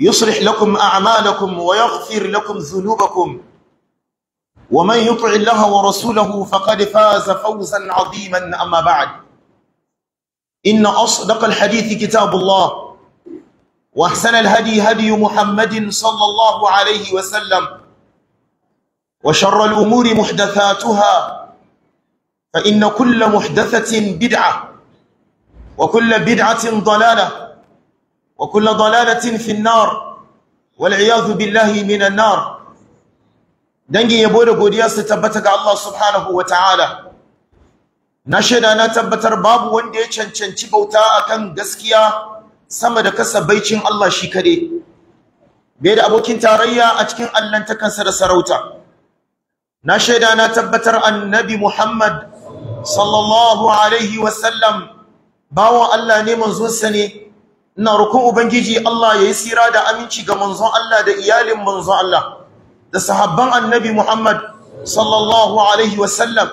يصلح لكم أعمالكم ويغفر لكم ذنوبكم ومن يطع الله ورسوله فقد فاز فوزا عظيما أما بعد إن أصدق الحديث كتاب الله وأحسن الهدي هدي محمد صلى الله عليه وسلم وشر الأمور محدثاتها فإن كل محدثة بدعة وكل بدعة ضلالة وكل ضلالة في النار والعياذ بالله من النار dangin yabo da godiya su tabbata ga Allah subhanahu wa ta'ala na shaida na tabbatar babu wanda ya cancanci bauta a kan gaskiya sama da kasa baicin Allah shi kare bai da abokin tarayya a cikin allantakansa da sarauta na shaida na tabbatar annabi Muhammad sallallahu alaihi wasallam bawon Allah ne manzonsa ne ina roƙon ubangiji Allah yayi sira da aminci ga manzon Allah da iyalin manzon Allah da sahabban annabi Muhammad sallallahu alaihi wasallam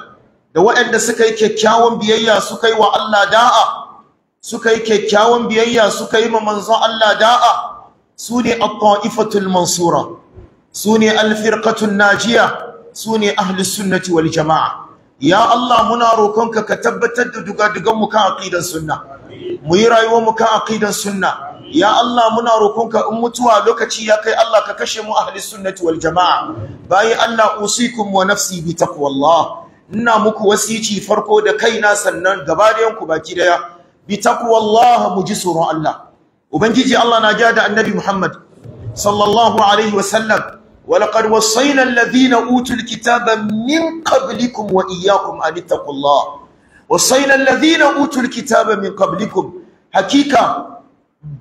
da waɗanda suka yi kyakkyawan biyayya suka yi wa Allah da'a suka yi kyakkyawan biyayya suka yi ma manzon Allah da'a su ne at mansura su ne al najiya su ne ahlus sunnati wal jama'a ya Allah muna rokonka ka tabbatar da dugadugan mu kan aqidan sunna mu yi rayuwar mu kan aqidan sunna ya Allah muna roƙonka in mutuwa lokaci ya kai Allah ka kashe mu ahli sunnati wal jamaa bayi Allah usikum wa nafsi bi taqwallah ina muku wasici farko da kaina sannan gaba dayanku baki daya bi taqwallah mu ji tsoron Allah ubangiji Allah na ja da annabi Muhammad sallallahu alaihi wa sallam ولقد وصينا الذين أوتوا الكتاب من قبلكم وإياكم أن اتقوا الله wasaina alladhina utul kitaba min qablikum hakika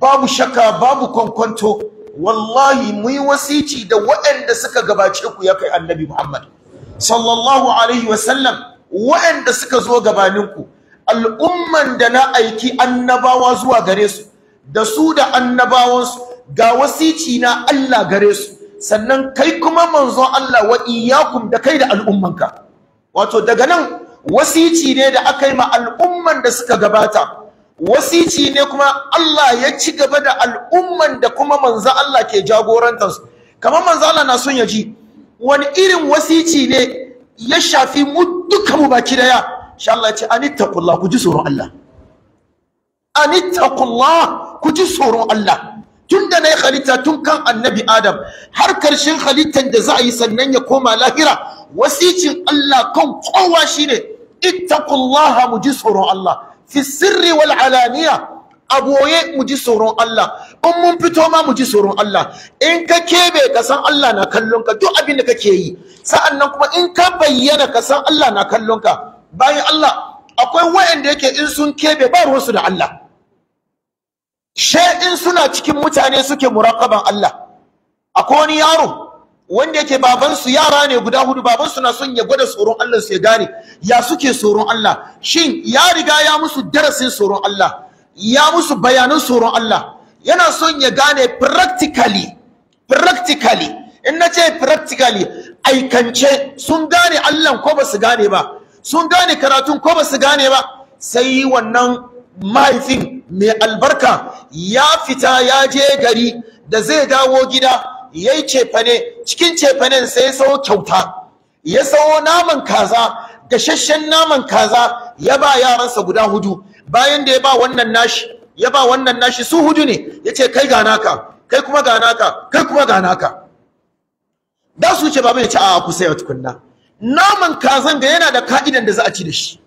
babu shaka babu kwankwanto wallahi muyi wasici da waɗanda suka gabace ku ya kai annabi Muhammad sallallahu alaihi wasallam waɗanda suka zo gabaninku al'umman da na aiki annabawa zuwa gare su da su da annabawansu ga wasici na Allah gare su sannan kai kuma manzon Allah wa'iyyakum da kai da al'ummanka wato daga nan wasici ne da aka yi ma al'umman da suka gabata wasici ne kuma Allah ya ci gaba da al'umman da kuma manzo Allah ke jagorantar su kamar manzo Allah na son ya ji wani irin wasici ne ya shafi mu duka mu baki daya insha Allah ya ce anittaqullah ku ji tsoron Allah anittaqullah ku ji tsoron Allah tun da na yi halitta tun kan annabi adam har karshen halittar da za a yi sannan ya koma lahira wasicin Allah kan kowa shine ne ittaqullaha mu ji tsoron Allah fi sirri wal alaniya a boye mu ji tsoron Allah in mun fito ma mu ji tsoron Allah in ka kebe ka san Allah na kallon ka duk abin da kake yi sa'annan kuma in ka bayyana ka san Allah na kallon ka bayan Allah akwai wayanda yake in sun kebe ba ruwansu da Allah she in suna cikin mutane suke muraqaban Allah akwai wani yaro wanda yake babansu yara ne guda hudu babansu na son ya gwada tsoron Allah su ya gane ya suke tsoron Allah shin ya riga ya musu darasin tsoron Allah ya musu bayanan tsoron Allah yana son ya gane practically practically in na ce practically aikance sun gane Allah ko ba su gane ba sun gane karatun ko ba su gane ba sai wannan mahaifin mai albarka ya fita ya je gari da zai dawo gida yayi cefane cikin cefanen sai ya sawo kyauta ya sawo naman kaza gashashen naman kaza ya ba yaransa guda hudu bayan da ya ba wannan nashi ya ba wannan nashi su hudu ne yace kai ga naka kai kuma ga naka kai kuma ga naka da su ce baba ya ce a ku sai tukunna naman kazan ga yana da ka'idan da za a ci da shi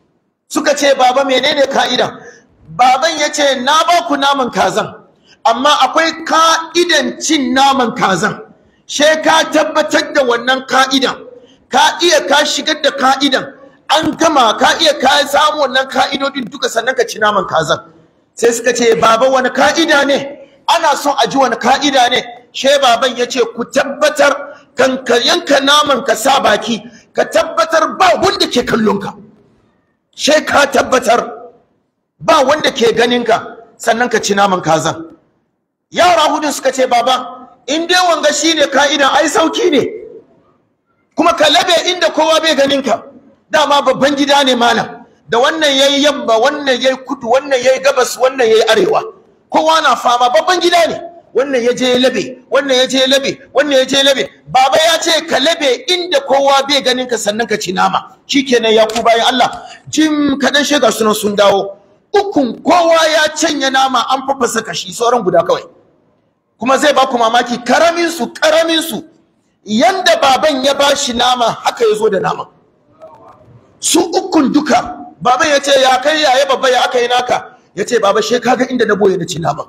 suka ce baba menene ka'idan baban ya ce na ba ku naman kazan amma akwai ka'idan cin naman kazan she ka tabbatar da wannan ka'idan ka iya ka shigar da ka'idan an gama ka iya ka samu wannan ka'idodin duka sannan ka ci naman kazan sai suka ce baba wani ka'ida ne ana son a ji wani ka'ida ne she baban ya ce ku tabbatar kan ka yanka naman ka sa baki ka tabbatar ba wanda ke kallon ka she ka tabbatar ba wanda ke ganin ka sannan ka ci naman kazan yara hudun suka ce baba in dai wanga shine ka'ida ai sauki ne kuma ka labe inda kowa bai ganin ka dama babban gida ne malam da wannan yayi yamma wannan yayi kudu wannan yayi gabas wannan yayi arewa kowa na fama babban gida ne wannan ya je labe wannan ya labe wannan ya labe baba ya ce ka labe inda kowa bai ganin ka sannan ka ci nama shikenan yaku bayan Allah jim kadan shiga sunan sun dawo ukun kowa ya canya nama an fafasa kashi sauran guda kawai kuma zai ba ku mamaki karamin su karamin su yanda baban ya bashi nama haka ya zo da nama su ukun duka baban ya ce ya kai yaye babba ya aka yi naka ya ce baba she kaga inda na boye na ci nama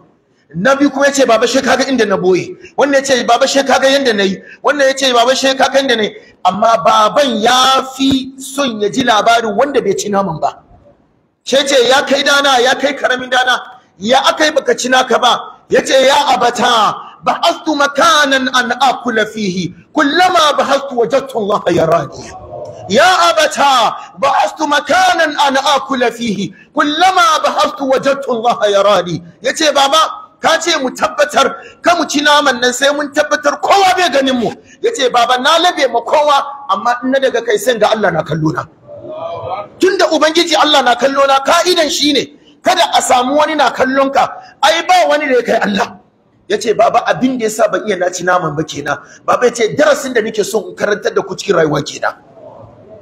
na biyu kuma ya ce baba she kaga inda na boye wannan ya ce baba she kaga yanda na yi wannan ya ce baba she kaga yanda na yi amma baban ya fi son ya ji labarin wanda bai ci naman ba she ce ya kai dana ya kai karamin dana ya aka yi baka ci naka ba yace ya abata ba'athu makanan an akula fihi kullama ba'athu wajadtu Allah yarani يا أبتا بعثت مكانا أن آكل فيه كلما بعثت وجدت الله يراني yace baba ka ce mu tabbatar ka mu ci naman nan sai mun tabbatar kowa bai ganin mu yace baba na labe ma kowa amma in daga kai sai ga Allah na kallo tunda ubangiji Allah na kallo na ka'idan shine kada a samu wani na kallon ka ai ba wani da ya kai Allah yace baba abin da yasa ban iya naci naman ba kenan baba yace darasin da nake so karantar da ku cikin rayuwa kenan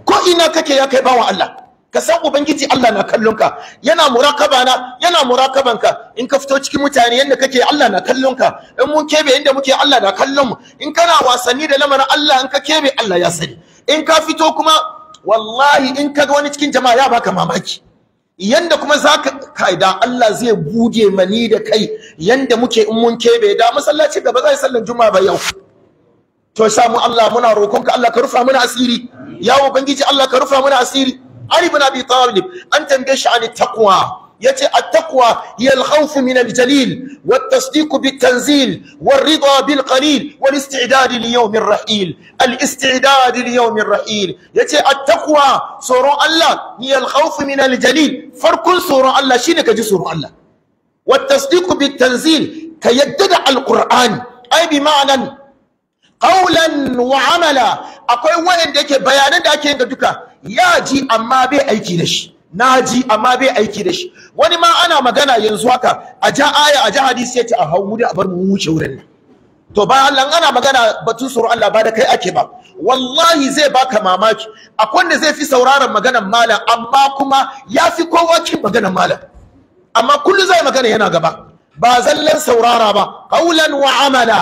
ko ina kake ya kai bawan Allah ka san ubangiji Allah na kallon ka yana murakaba na yana murakabanka in ka fito cikin mutane yanda kake Allah na kallon ka in mun kebe yanda muke Allah na kallon mu in kana wasanni da lamarin Allah in ka kebe Allah ya sani in ka fito kuma wallahi in ka ga wani cikin jama'a ya baka mamaki yanda kuma zaka kai da Allah zai bude mani da kai yanda muke in mun kebe da masallaci gaba zai sallan juma'a ba yau to sha mu Allah muna roƙonka Allah ka rufa mana asiri ya ubangiji Allah ka rufa mana asiri Ali ibn Abi Talib an tambaye shi an taqwa yace at-taqwa hiya al-khawf min al-jalil wat-tasdiq bit-tanzil war-ridha bil-qalil wal-istidad li yawm ar-rahil al-istidad li yawm ar-rahil yace at-taqwa tsoron Allah hiya al-khawf min al-jalil farkun tsoron Allah shine kaji tsoron Allah wat-tasdiq bit-tanzil ka yadda da al-qur'ani ai bi ma'anan qawlan wa amala akwai wayanda yake bayanan da ake yin ga duka ya ji amma bai aiki da shi na ji amma bai aiki da shi wani ma ana magana yanzu haka a ja aya a ja hadisi yace a hau da a bar mu wuce wurin nan to bayan Allah ana magana batun tsoron Allah ba da kai ake ba wallahi zai baka mamaki akwai wanda zai fi sauraron maganar malam amma kuma ya fi kowa kin maganar malam amma kullu zai magana yana gaba ba zallan saurara ba qaulan wa amala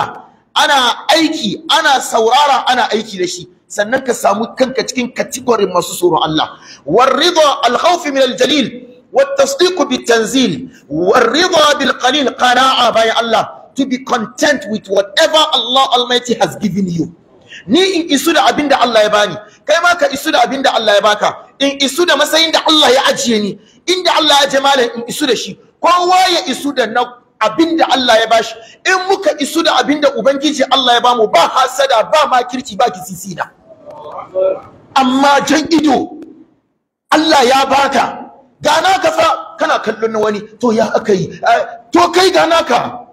ana aiki ana saurara ana aiki da shi sannan ka samu kanka cikin category masu tsoron Allah warida alkhawf min aljalil والتصديق بالتنزيل والرضا بالقليل قناعة by Allah to be content with whatever Allah Almighty has given you ni in isu da abinda Allah ya bani kai ma ka isu da abinda Allah ya baka in isu da matsayin da Allah ya ajiye ni inda Allah ya jama'a in isu da shi kowa ya isu da na abinda Allah ya bashi in muka isu da abinda ubangiji Allah ya bamu ba hasada ba makirci ba kisisina amma jan ido Allah ya baka gana ka fa kana kallon wani to ya aka yi eh, to kai gana ka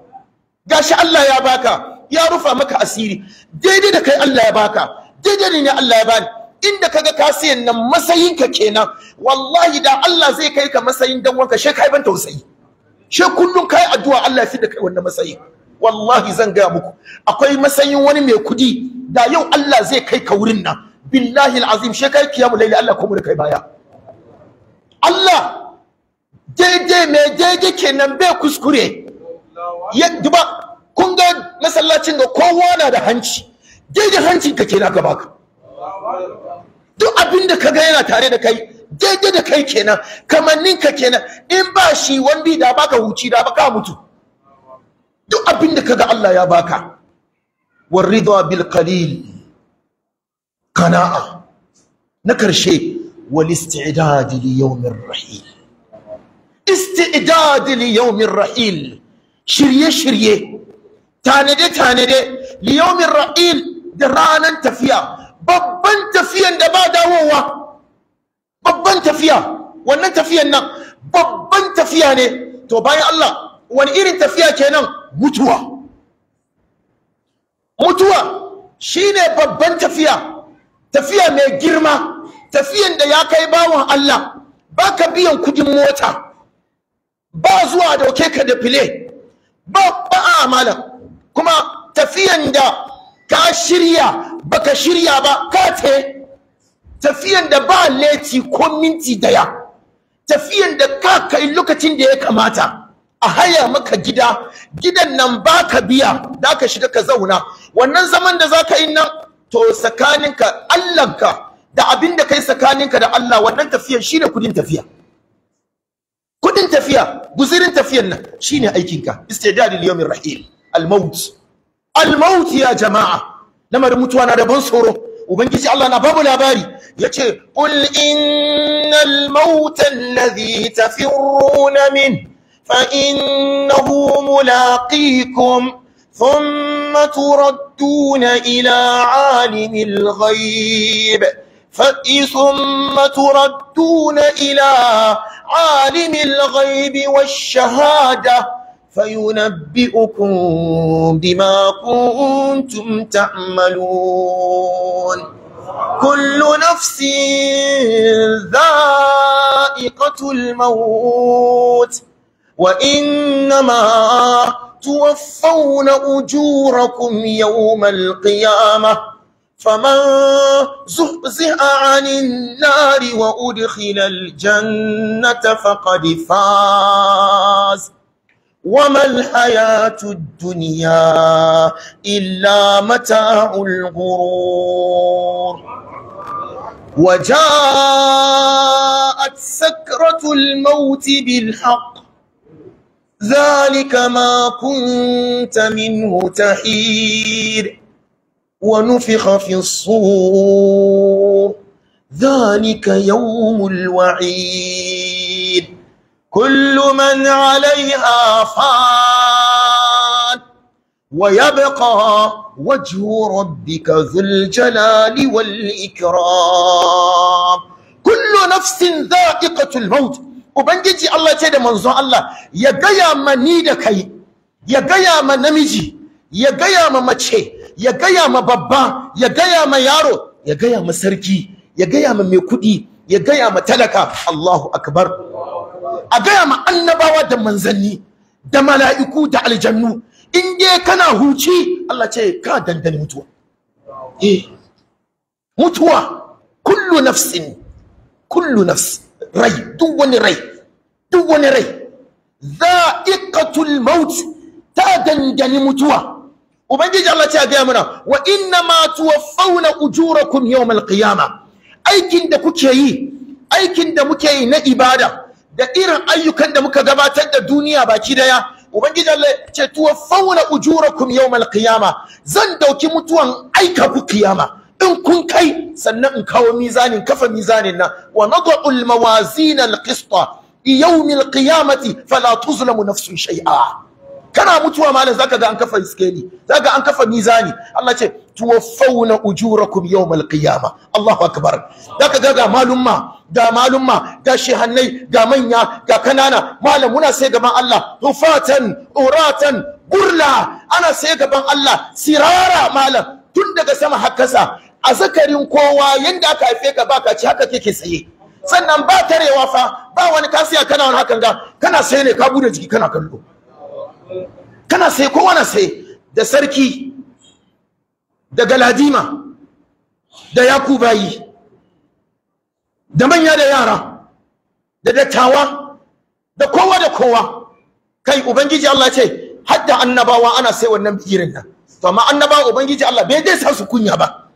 gashi Allah ya baka ya rufa maka asiri daidai da kai Allah ya baka daidai ne Allah ya bani inda kaga kasiyan nan matsayinka kenan wallahi da Allah zai kai ka matsayin dan wanka shekai ban tausayi shi kullum kai addu'a Allah ya fi da kai wannan matsayi wallahi zan gaya muku akwai matsayin wani mai kudi da yau Allah zai kai ka wurin nan billahi alazim shi kai kiyamu laili Allah ko mu da kai baya Allah daidai me daidai kenan bai kuskure ya duba kun ga masallacin ga kowa na da hanci daidai hancin ka kenan ka baka duk abin da ka ga yana tare da kai daidai da kai kenan ka kenan in ba shi wanda da baka huci da baka mutu duk abin da kaga Allah ya baka warridwa bil qalil qana'a na karshe wal isti'dad li yawmir rahil isti'dad li yawmir rahil shirye shirye tanade tanade li yawmir rahil da ranan tafiya babban tafiyan da ba dawowa babban tafiya wannan tafiyan nan babban tafiya ne to bayan Allah wani irin tafiya ke nan mutuwa mutuwa shine babban tafiya tafiya mai girma tafiyan da ya kai bawan Allah baka biyan kudin mota ba zuwa dauke ka da file ba ba malam kuma tafiyan da ka shirya baka shirya ba ka ce. tafiyan da ba leti ko minti daya tafiyan da ka kai lokacin da ya kamata a haya maka gida gidan nan ba ka biya da ka shiga ka zauna wannan zaman da zaka ka yi nan to tsakaninka allahnka da abin da kai tsakaninka da allah wannan tafiyan shine kudin tafiya kudin tafiya guzirin tafiyan nan shine aikinka istidadil yawmir rahim al-maut al-maut ya jama'a lamarin mutuwa na da ban tsoro وبنجي الله أنا نبابه لاباري يقول قل إن الموت الذي تفرون منه فإنه ملاقيكم ثم تردون إلى عالم الغيب ثم تردون إلى عالم الغيب والشهادة فينبئكم بما كنتم تعملون كل نفس ذائقة الموت وإنما توفون أجوركم يوم القيامة فمن زهزه عن النار وأدخل الجنة فقد فاز وما الحياة الدنيا إلا متاع الغرور وجاءت سكرة الموت بالحق ذلك ما كنت منه تحير ونفخ في الصور ذلك يوم الوعيد كل من عليها فان ويبقى وجه ربك ذو الجلال والإكرام كل نفس ذائقة الموت وبنجي الله تيدا منظر الله يقيا منيدك يقيا منمجي يقيا ممتشي يقيا مبابا يقيا ميارو يقيا مسركي يقيا ممكودي يقيا متلكا الله أكبر a gaya ma annabawa da manzanni da mala'iku da aljannu in dai kana huci Allah ce ka dandani mutuwa eh mutuwa kullu nafsin kullu nafs rai duk wani rai duk wani rai dha'iqatul maut ta dandani mutuwa ubangiji Allah ce ga mana wa inna ma tuwaffawna ujurakum yawm al aikin da kuke yi aikin da muke yi na ibada da irin ayyukan da muka gabatar da duniya baki daya ubangiji Allah ce tuwaffawna ujurakum yawmal qiyama zan dauki mutuwan aika ku kiyama in kun kai sannan in kawo mizanin kafa mizanin nan wa nad'u al mawazin al qista yawm al qiyamati fala tuzlamu nafsun shay'a kana mutuwa malam zaka ga an kafa iskeli zaka an kafa mizani Allah ce tuwaffawna ujurakum yawmal qiyama Allahu akbar zaka ga ga malumma ga malumma ga shehannai ga manya ga kanana malam muna sai gaban Allah hufatan uratan gurla ana sai gaban Allah sirara malam tun daga sama hakasa a zakarin kowa yanda aka haife ka baka ci haka kake tsaye sannan ba tarewa fa ba wani kasiya kana wani hakan ga kana sai ne ka bude jiki kana kallo kana sai kowa na sai da sarki da galadima da yakubayi da manya da yara da dattawa da kowa da kowa kai ubangiji Allah ce hadda annabawa ana sai wannan bigirin nan to amma annabawa ubangiji Allah bai dai sa su kunya ba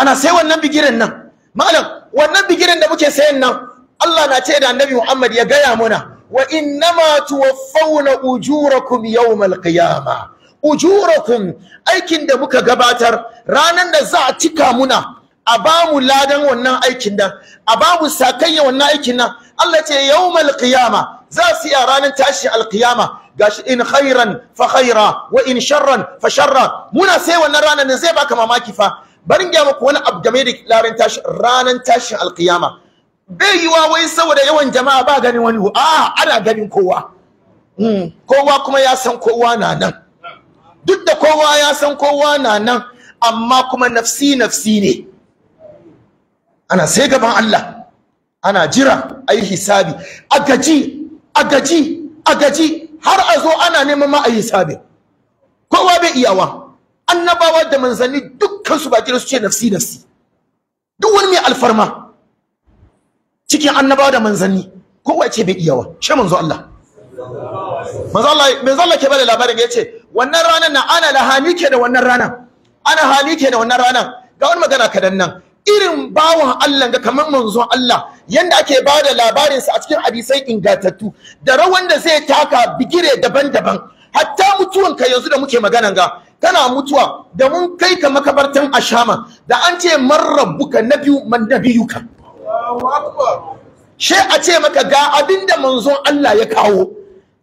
ana sai wannan bigirin nan malam wannan bigirin da muke sayan nan Allah na ce da annabi Muhammad ya gaya muna wa innama tuwaffawna ujurakum yawmal qiyama ujurakum aikin da muka gabatar ranan da za a cika muna a ba lada ladan wannan aikin nan a ba mu sakayya wannan aikin nan Allah ce yawmal qiyama za su yi a ranar tashi alqiyama gashi in khairan fa khaira wa in sharran fa sharra muna sai wannan ranar ne zai baka mamaki fa barin ga muku wani abu da ranar tashi ranar tashin alqiyama bai yi wa wai saboda yawan jama'a ba ganin wani a ana ganin kowa hmm, kowa kuma ya san kowa na nan duk da kowa ya san kowa na nan amma kuma nafsi nafsi ne ana sai gaban Allah ana jira a yi hisabi a gaji a gaji a gaji har a zo ana neman ma a yi hisabi kowa bai iyawa annabawa da manzanni dukkan su bakin su ce nafsi nafsi duk wani mai alfarma cikin annabawa da manzanni kowa ce bai iyawa shi manzo Allah manzo Allah manzo Allah ke bada labarin ya ce wannan ranar na ana lahani ke da wannan ranar ana hali ke da wannan ranar ga wani magana kadan nan irin bawan Allah ga kamar manzo Allah yanda ake ba da labarinsa a cikin hadisai ingantattu da rawan da zai taka bigire daban-daban hatta mutuwan ka yanzu da muke magana ga kana mutuwa da mun kai ka makabartan ashama da an ce man rabbuka nabiyu man nabiyuka she a ce maka ga abinda manzon Allah ya kawo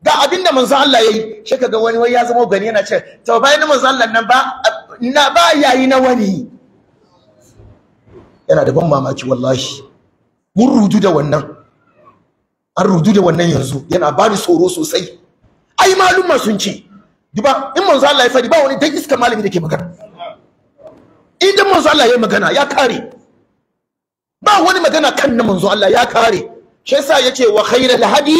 ga abinda manzon Allah ya yi she ka ga wani wai ya zama gani yana ce to bayan manzon Allah nan ba na ba yayi na wani yana da ban mamaki wallahi mun rudu da wannan an rudu da wannan yanzu yana ba ni tsoro sosai ai malumma sun ce duba in manzon Allah ya fadi ba wani dan iska malami da ke magana idan manzon Allah ya magana ya kare ba wani magana kan na manzo Allah ya kare shi yasa yace wa khairul hadi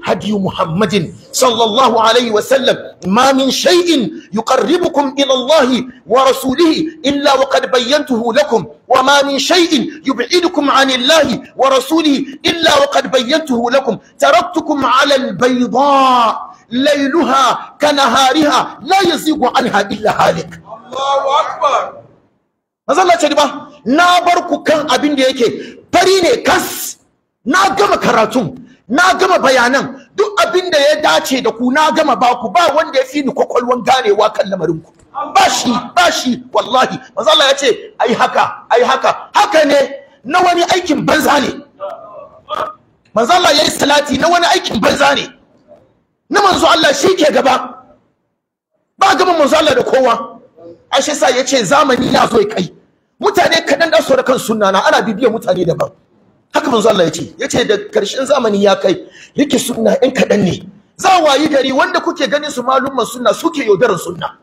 hadi muhammadin sallallahu alaihi wa sallam ma min shay'in yuqarribukum ila Allah wa rasulihi illa wa qad bayyantuhu lakum wa ma min shay'in yub'idukum an Allah wa rasulihi illa wa qad bayyantuhu lakum taraktukum ala al-bayda ليلها كنهارها لا يزيغ عنها إلا هالك الله أكبر manzo Allah ce ba na bar ku kan abin da yake fari ne kas na gama karatu. na gama bayanan duk abin da ya dace da ku na gama ba ku ba wanda ya fi ni kwakwalwan ganewa kan lamarin ku ba shi ba shi wallahi manzo ya ce ai haka ai haka haka ne na wani aikin banza ne manzo Allah yayi salati na wani aikin banza ne na manzo Allah shi ke gaba ba gaban manzo Allah da kowa ashe sa ce zamani na zo kai mutane kaɗan da su kan sunna na ana bibiyar mutane daban haka manzo Allah ya ce ya ce da karshen zamani ya kai rike sunna ɗan kaɗan ne za wayi gari wanda kuke ganin su malumman sunna suke yaudarar sunna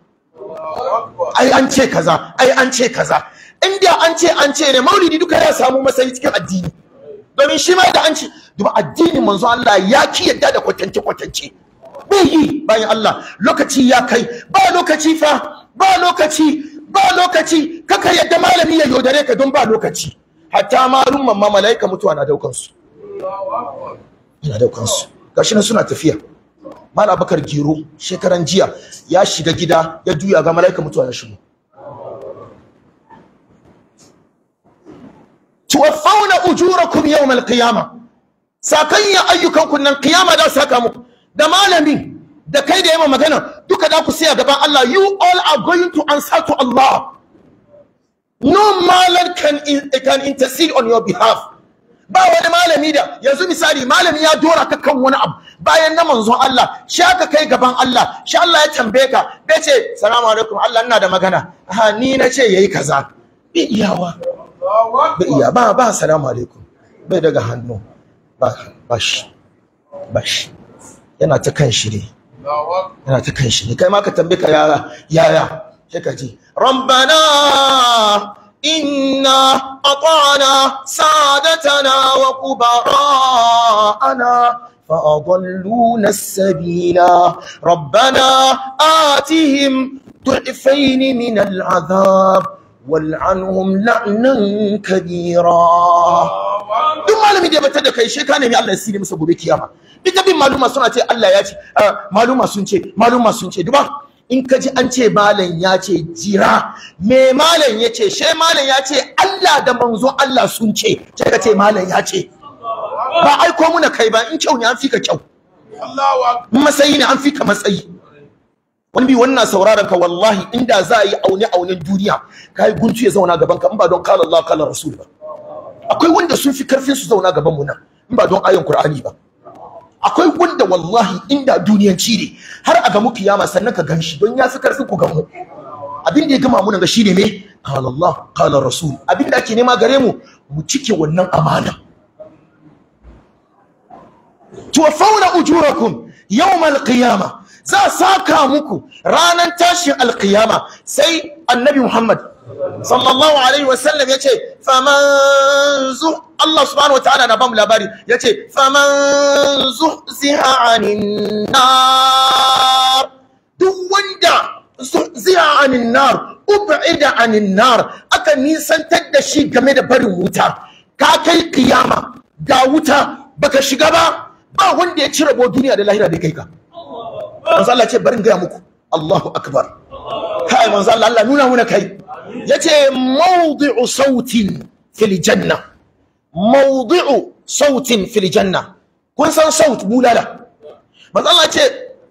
ai an ce kaza ai an ce kaza inda an ce an ce ne maulidi duka ya samu masayi cikin addini domin shi ma da an ce duba addinin manzo Allah ya ki yadda da kwatance kwatance bai yi bayan Allah lokaci ya kai ba lokaci fa ba lokaci ba lokaci kaka yadda malami ya yaudare ka don ba lokaci hatta rumman ma malaika mutuwa na daukan su na daukan su gashi nan suna tafiya mala Abakar giro shekaran jiya ya shiga gida ya juya ga malaika mutuwa ya shigo tuwaffawna ujurakum yawm al-qiyamah sakanya ayyukan kunnan qiyama da saka muku da malamin da kai da yamma magana duka za ku siya gaban Allah you all are going to answer to Allah no malam can can intercede on your behalf ba wani malami da yanzu misali malami ya dora ka kan wani abu bayan na manzon Allah shi aka kai gaban Allah shi Allah ya tambaye ka bai ce salamu alaikum Allah ina da magana ha ni na ce yayi kaza bi iyawa bi iya ba ba salamu alaikum bai daga hannu ba ba shi ba shi yana ta kan shiri. Yana ta kai shi ne, kai ma ka tambayi ka yaya. Raba ina a kwana Sada tana wa ku baro. Ana fa'addu na sabila. Raba na a cikin turki'in fainimin al'adar. Wal'ad an umar nan Kabira. Don malamin da ya batar da kai, shekaran ne ya ne musa gobe ke ita bin maluma suna ce Allah ya ce ah, maluma sun ce maluma sun ce duba in ka ji an ce malam ya ce jira me malam ya ce she malam ya ce Allah da manzo Allah sun ce sai ka ce malam ya ce ba aiko muna kai ba in kyau ne an fika kyau matsayi ne an fika matsayi wani bi wannan sauraron ka wallahi inda za a yi aune aunen duniya kai guntu ya zauna gaban ka in ba don kala Allah kala rasul ba akwai wanda sun fi karfin su zauna gaban mu nan in ba don ayon Qur'ani ba akwai wanda wallahi inda duniyan cire har a gamu kiyama sannan ka ganshi don ya fi karfi ku gamu abin da ya gama muna ga shine me qala Allah qala Rasul abin da ake nema gare mu mu cike wannan amana tuwaffawna ujurakum yawm alqiyama za saka muku ranan tashin alqiyama sai annabi Muhammad sallallahu alaihi wasallam yace faman zu Allah subhanahu wataala na bamu labari yace faman ziha anin nar duk wanda a anin nar ub'ida anin nar aka nisantar da shi game da barin wuta ka kai kiyama ga wuta baka shiga ba ba wanda ya ci rabo duniya da lahira da kai ka manzo Allah ce barin gaya muku Allahu akbar kai manzo Allah Allah nuna muna kai yace mawdi'u sautin fil janna mawdi'u sautin fil janna kun san saut bulala manzo Allah ce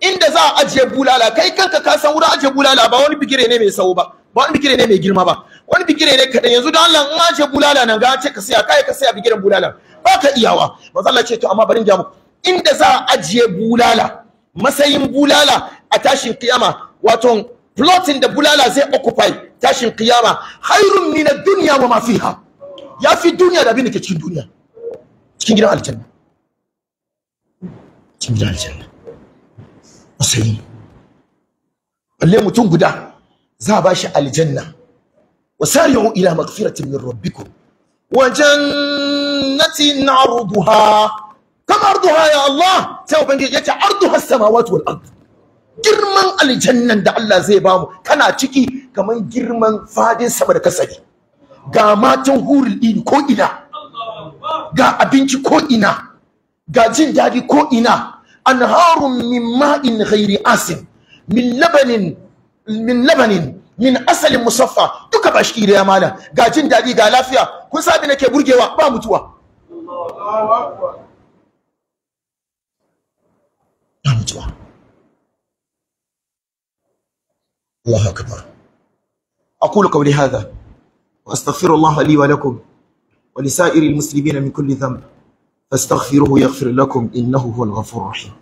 inda za a ajiye bulala kai kanka ka san wurin ajiye bulala ba wani bigire ne mai sau ba ba wani bigire ne mai girma ba wani bigire ne kadan yanzu da Allah in ajiye bulala nan ga ce ka saya kai ka saya bigiren bulala ba ka iyawa manzo Allah ce to amma bari in ja muku inda za a ajiye bulala masayin bulala a tashin kiyama wato plotin da bulala zai occupy tashin kiyama khairun min na duniya wa ma fiha yafi duniya da abin da ke cikin duniya cikin gidan aljanna cikin gidan aljanna wasai balle mutum guda za ba shi aljanna wasari'u ila maghfiratin min rabbikum wa jannatin 'arduha kama 'arduha ya Allah sai ubangiji yace 'arduha as-samawati wal ard girman aljannan da Allah zai bamu kana ciki kamar girman fadin sama da kasari ga matan hurul ini ko ina ga abinci ko ina ga jin daɗi ko ina anharun min ma'in ghairi asin min labanin min labanin min asalin musaffa duka ba shi da mala ga jin daɗi ga lafiya kun sabi nake burgewa ba mutuwa ba mutuwa Allahu akbar أقول قولي هذا وأستغفر الله لي ولكم ولسائر المسلمين من كل ذنب فاستغفروه يغفر لكم إنه هو الغفور الرحيم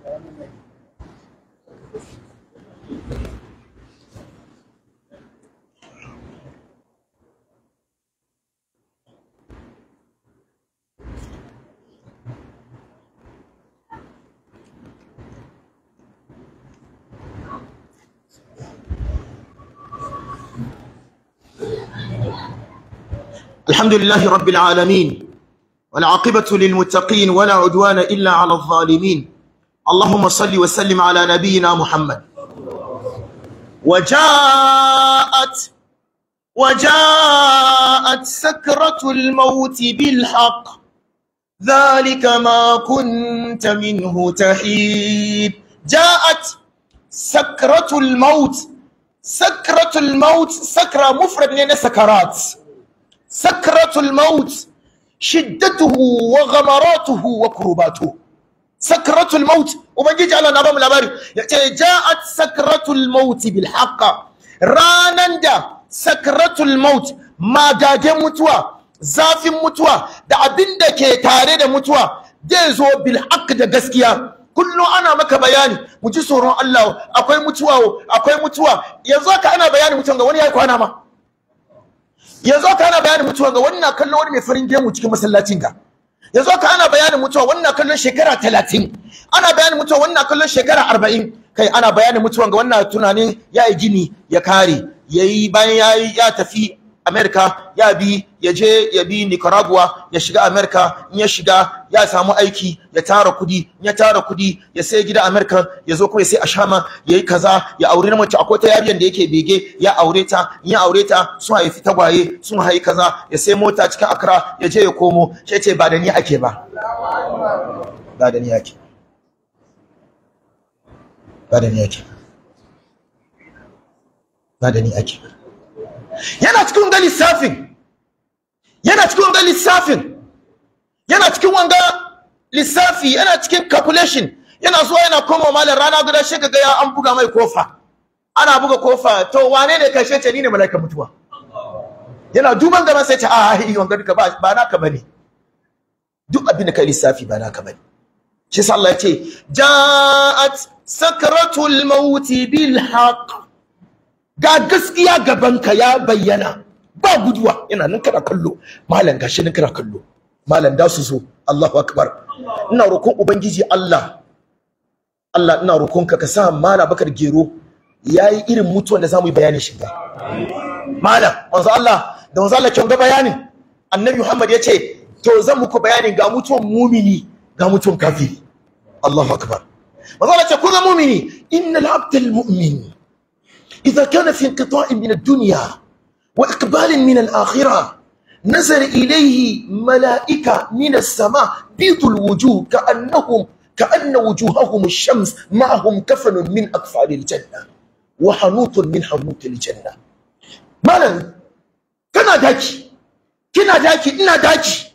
الحمد لله رب العالمين والعاقبة للمتقين ولا عدوان إلا على الظالمين اللهم صل وسلم على نبينا محمد وجاءت وجاءت سكرة الموت بالحق ذلك ما كنت منه تحيد جاءت سكرة الموت سكرة الموت سكرة مفرد من سكرات sakratul maut shiddatuhu wa ghamaratuhu wa kurbatuhu sakratul maut ubangiji Allah na ba mu labari yace ja'at sakratul maut bil ranan da sakratul maut magagen mutuwa zafin mutuwa da abinda ke tare da mutuwa zai zo bilhak da gaskiya kullum ana maka bayani mu ji tsoron Allah akwai mutuwa akwai mutuwa yanzu haka ana bayani mutum ga wani yayi kwana ma yanzu ka ana bayanin mutuwa ga wannan kallon wani mai farin gemu cikin masallacin ka yanzu ka ana bayanin mutuwa wannan kallon shekara talatin ana bayanin mutuwa wannan kallon shekara arba'in kai ana bayanin mutuwa ga wannan tunanin ya yi gini ya kare yayi yi bayan ya tafi Amerika ya bi ya je ya bi nicaragua ya shiga Amerika in ya shiga ya samu aiki ya tara kudi in ya tara kudi ya sai gida Amerika ya zo kuma ya sai a shama ya yi kaza ya aure na mace akwai ta yariyar da yake bege ya aure ta in ya aure ta sun haifi tagwaye sun haifi kaza ya sai mota cikin accra ya je ya komo sai ce ba da ni ake ba ba da ni ake ba da ni ake ba da ni ake yana cikin wanga lissafin yana cikin wanga lissafin yana cikin wanga lissafi yana cikin calculation yana zuwa yana koma malam rana guda shi kaga ya an buga mai kofa ana buga kofa to wane ne kashe ce ni ne malaika mutuwa yana duban gaban sai ce a ah, ai wanga duka ba ba naka bane duk abin da kai lissafi ba naka bane shi sa Allah ya ce ja'at sakratul maut bil haqq ga gaskiya gabanka ya bayyana ba guduwa Ina nan kana kallo malam gashi nan kana kallo malam da su zo Allahu akbar ina roƙon ubangiji Allah Allah ina roƙon ka ka sa malam Bakar Gero yayi irin mutuwan da zamu yi bayani shi ba malam manzo Allah da manzo Allah kin ga bayanin annabi Muhammad ya ce to zan muku bayanin ga mutuwan mumini ga mutuwan kafiri Allahu akbar manzo Allah ce ku ga mumini innal abdal mu'min إذا كان في انقطاع من الدنيا وإقبال من الآخرة نزل إليه ملائكة من السماء بيض الوجوه كأنهم كأن وجوههم الشمس معهم كفن من أكفال الجنة وحنوط من حنوط الجنة مالا كنا داكي كنا داكي إنا داكي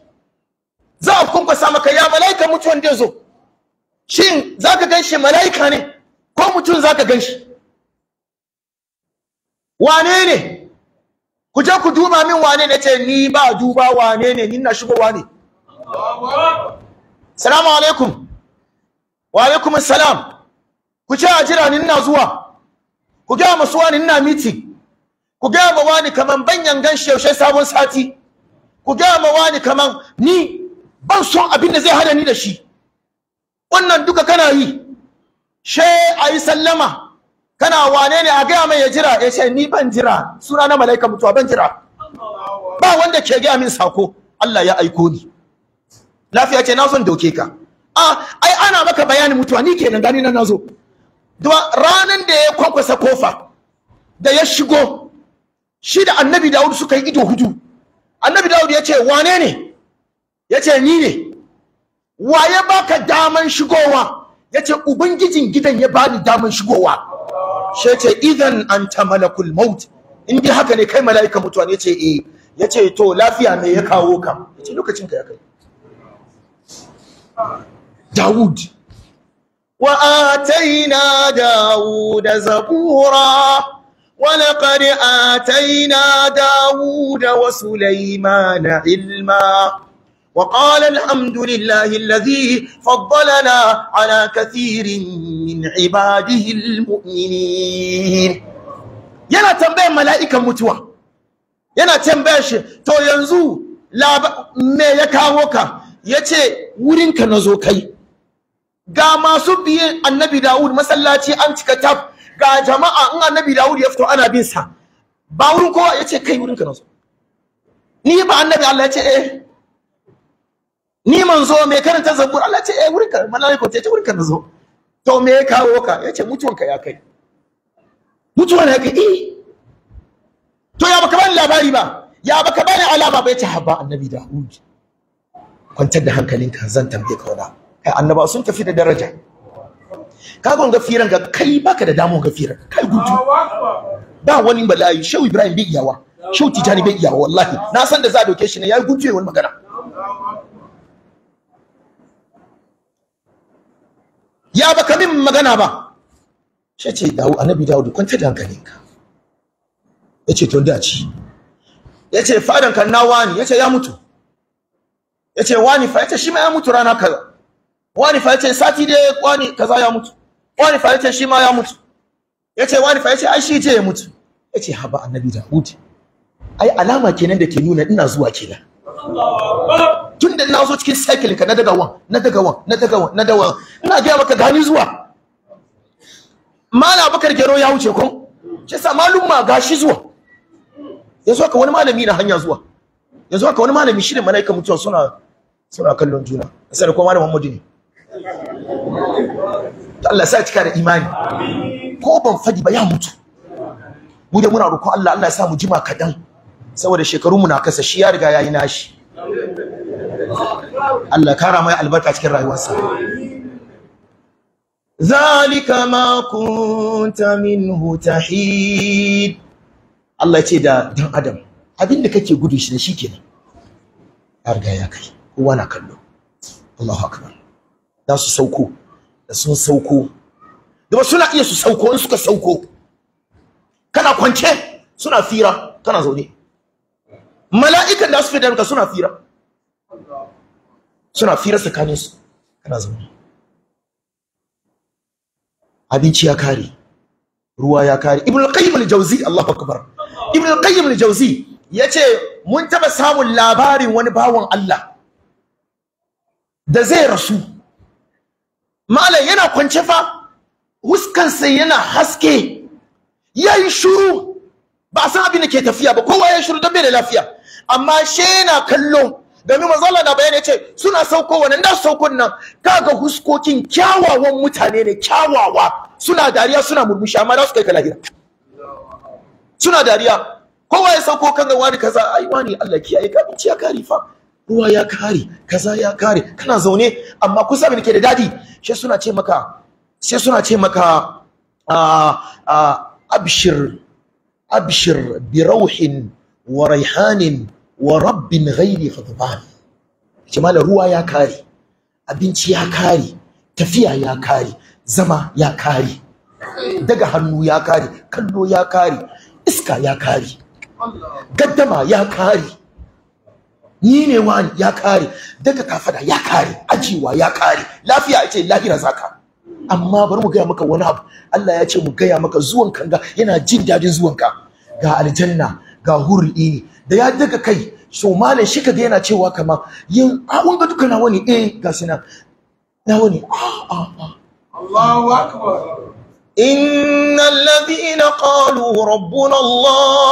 za a kunkwasa maka ya malaika mutuwan da zo shin zaka ganshi malaika ne ko mutum zaka ganshi wane ne ku je ku duba min wane ne ce ni ba duba wane ne ni na shigo wane. salamu alaikum wa alaikum salam ku ce a jira ni na zuwa ku gaya masu wani na miti ku gaya ma wani kaman banyan gan yaushe sabon sati ku gaya ma wani kaman ni ban son abin da zai hada ni da shi wannan duka kana yi she ayi sallama kana wane ne a gaya mai ya jira ya ce ni ban jira suna na malaika mutuwa ban jira ba wanda ke gaya min sako Allah ya aiko ni lafiya ce na son doke ka a ai ana maka bayani mutuwa ni kenan gani na nazo duwa ranan da ya kwakwasa kofa da ya shigo shi da annabi Dawud suka yi ido hudu annabi Dawud ya ce wane ne ya ce ni ne waye baka daman shigowa ya ce ubangijin gidan ya bani daman shigowa shi ce idan ta malakul maut in haka ne kai mala'ika mutuwa ne ce e, eh. ya ce to lafiya me ya kawo ka ce lokacin ka ya kai Dawud wa ataina Dawud zabura dawud da wasu na ilma. وقال الحمد لله الذي فضلنا على كثير من عباده المؤمنين yana tambayar mala'ikan mutuwa yana tambaya shi to yanzu me ya kawo ka yace wurinka nazo kai ga masu biye annabi Dawud masallaci an cika tab ga jama'a in annabi Dawud ya fito ana bin sa ba wurin kowa yace kai wurin ka nazo ni ba annabi Allah yace eh ni manzo mai karanta zabur Allah ce eh wurin ka malaika ce ce wurin ka zo. to me ya kawo ka yace mutuwan ka ya kai mutuwan ya kai eh. to ya baka bani labari ba ya baka bani alama ba yace Haba, annabi Dawud kwantar da hankalinka zan tambaye ka wala kai annaba sun tafi da daraja ka gon gafiran ga kai baka da damu gafiran kai gudu ba wani bala'i shau Ibrahim bai iyawa shau Tijani bai iyawa wallahi na san da za a doke shi ne yayi gudu wani magana ya baka min magana ba shi ce dawo annabi dawo kwanta da hankalinka ya ce da daci ya ce fadan kan na wani ya ce ya mutu ya ce wani fa yace shi ma ya mutu rana kaza wani fa yace sati da wani kaza ya mutu wani fa yace shi ma ya mutu ya ce wani fa yace ai shi je ya mutu ya ce ba annabi dawud ai alama kenan da ke nuna ina zuwa kenan tun da na zo cikin cycle ka na daga wan na daga wan na daga wan na daga wan ina ga maka gani zuwa mala bakar gero ya wuce kun ce sa malum ma gashi zuwa yanzu ka wani malami na hanya zuwa yanzu ka wani malami shirin malaika mutuwa suna suna kallon juna sai ko Malam Muhammadu ne Allah sa cika da imani ko ban fadi ba ya mutu mu da muna roƙo Allah Allah ya sa mu jima kadan saboda shekarun mu na kasa shi ya riga yayi nashi Allah kara mai albarka cikin rayuwarsa zalika ma kunta minhu tahid Allah ce da dan adam abinda kake gudu shi ne shikenan ya riga ya kai kowa na kallo Allahu akbar da su sauko da sun sauko da suna iya su sauko in suka sauko kana kwance suna fira kana zaune mala'ikan da su fi da suna fira suna fira tsakaninsu kana zaune abinci ya kare ruwa ya kare ibn al-qayyim al-jawzi Allahu akbar ibn al-qayyim al-jawzi yace mun taba samun labarin wani bawan Allah da zai rasu malam yana kwance fa huskansa yana haske yayi shuru ba san abin da ke tafiya ba kowa ya shuru don bai da lafiya amma she yana kallon. domin manzala da bayani ce suna sauko wannan da saukon nan kaga huskokin kyawawan mutane ne kyawawa suna dariya suna murmushi amma da su kai ka lahira suna dariya kowa ya sauko kan wani kaza ai wani Allah kiyaye ka ya kari fa ruwa ya kare kaza ya kare kana zaune amma ku abin ke da dadi sai suna ce maka sai suna ce maka ah, ah, abshir abshir bi ruhin wa raihanin wa rabbin ghairi ghadban ce mala ruwa ya kare abinci ya kare tafiya ya kare zama ya kare daga hannu ya kare kallo ya kare iska ya kare gaddama ya kare ni ne wani ya kare daga kafada ya kare ajiwa ya kare lafiya ce lahira zaka amma bari mu gaya maka wani abu Allah ya ce mu gaya maka zuwan kanga yana jin dadin ka ga aljanna ga hurul ini da ya daga kai so malam shi kaga yana cewa kama yin abun ah, ga duka nawa ne eh ga shi nan nawa ne a ah, a ah, Allahu akbar innal ladina qalu rabbuna Allah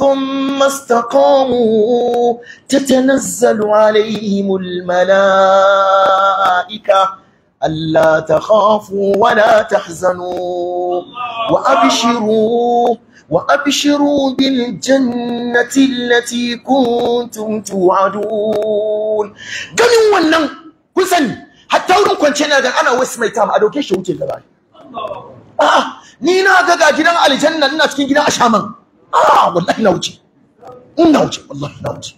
ثم استقاموا تتنزل عليهم الملائكة ألا تخافوا ولا تحزنوا وأبشروا وأبشروا بالجنة التي كنتم توعدون ganin wannan kun sani hatta wurin kwance na gan ana wasu mai tama a dauke shi wuce gaba a'a ni na ga ga gidan aljanna ina cikin gidan ashaman a'a wallahi na wuce in na wuce wallahi na wuce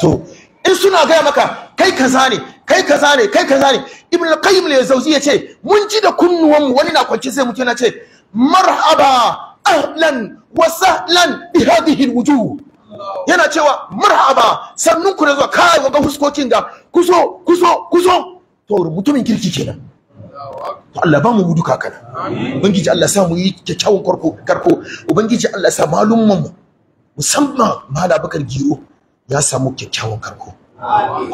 to in suna gaya maka kai kaza ne kai kaza ne kai kaza ne ibn al-qayyim al ce mun ji da kunnuwanmu wani na kwance zai mutum na ce marhaba ahlan wa sahlan bi hadhihi alwujuh yana cewa marhaba sannun ku da zuwa kai ga huskokin da kuso kuso kuso to mutumin kirki kenan to Allah ba mu gudu kakana ubangiji Allah sa mu yi kyakkyawan karko karko ubangiji Allah sa malumman mu musamman malabakar giro ya samu kyakkyawan karko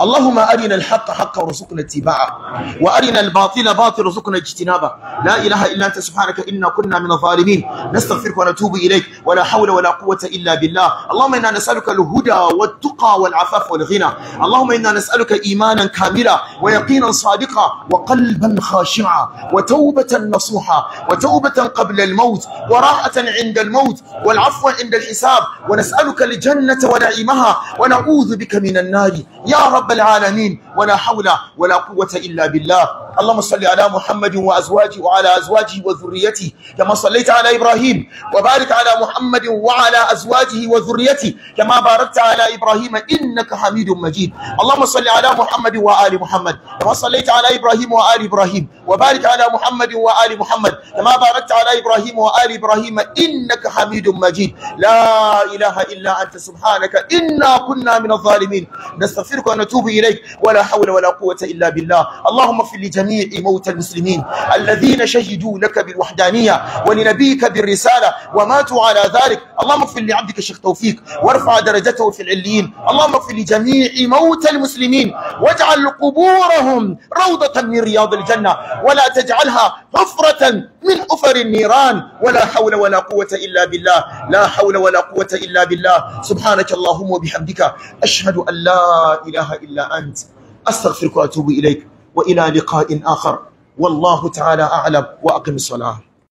اللهم أرنا الحق حقا وارزقنا اتباعه وأرنا الباطل باطلا وارزقنا اجتنابه لا إله إلا أنت سبحانك إنا كنا من الظالمين نستغفرك ونتوب إليك ولا حول ولا قوة إلا بالله اللهم إنا نسألك الهدى والتقى والعفاف والغنى اللهم إنا نسألك إيمانا كاملا ويقينا صادقا وقلبا خاشعا وتوبة نصوحا وتوبة قبل الموت وراحة عند الموت والعفو عند الحساب ونسألك الجنة ونعيمها ونعوذ بك من النار يا رب العالمين ولا حول ولا قوة إلا بالله اللهم صل على محمد وازواجه وعلى ازواجه وذريته كما صليت على ابراهيم وبارك على محمد وعلى ازواجه وذريته كما باركت على ابراهيم انك حميد مجيد اللهم صل على محمد وال محمد كما صليت على ابراهيم وال ابراهيم وبارك على محمد وال محمد كما باركت على ابراهيم وال ابراهيم انك حميد مجيد لا اله الا انت سبحانك انا كنا من الظالمين نستغفرك ونتوب اليك ولا حول ولا قوه الا بالله اللهم اغفر لجميع جميع موتى المسلمين الذين شهدوا لك بالوحدانية ولنبيك بالرسالة وماتوا على ذلك اللهم اغفر لعبدك الشيخ توفيق وارفع درجته في العليين اللهم اغفر لجميع موتى المسلمين واجعل قبورهم روضة من رياض الجنة ولا تجعلها حفرة من حفر النيران ولا حول ولا قوة إلا بالله لا حول ولا قوة إلا بالله سبحانك اللهم وبحمدك أشهد أن لا إله إلا أنت أستغفرك وأتوب إليك وإلى لقاء آخر والله تعالى أعلم وأقم الصلاة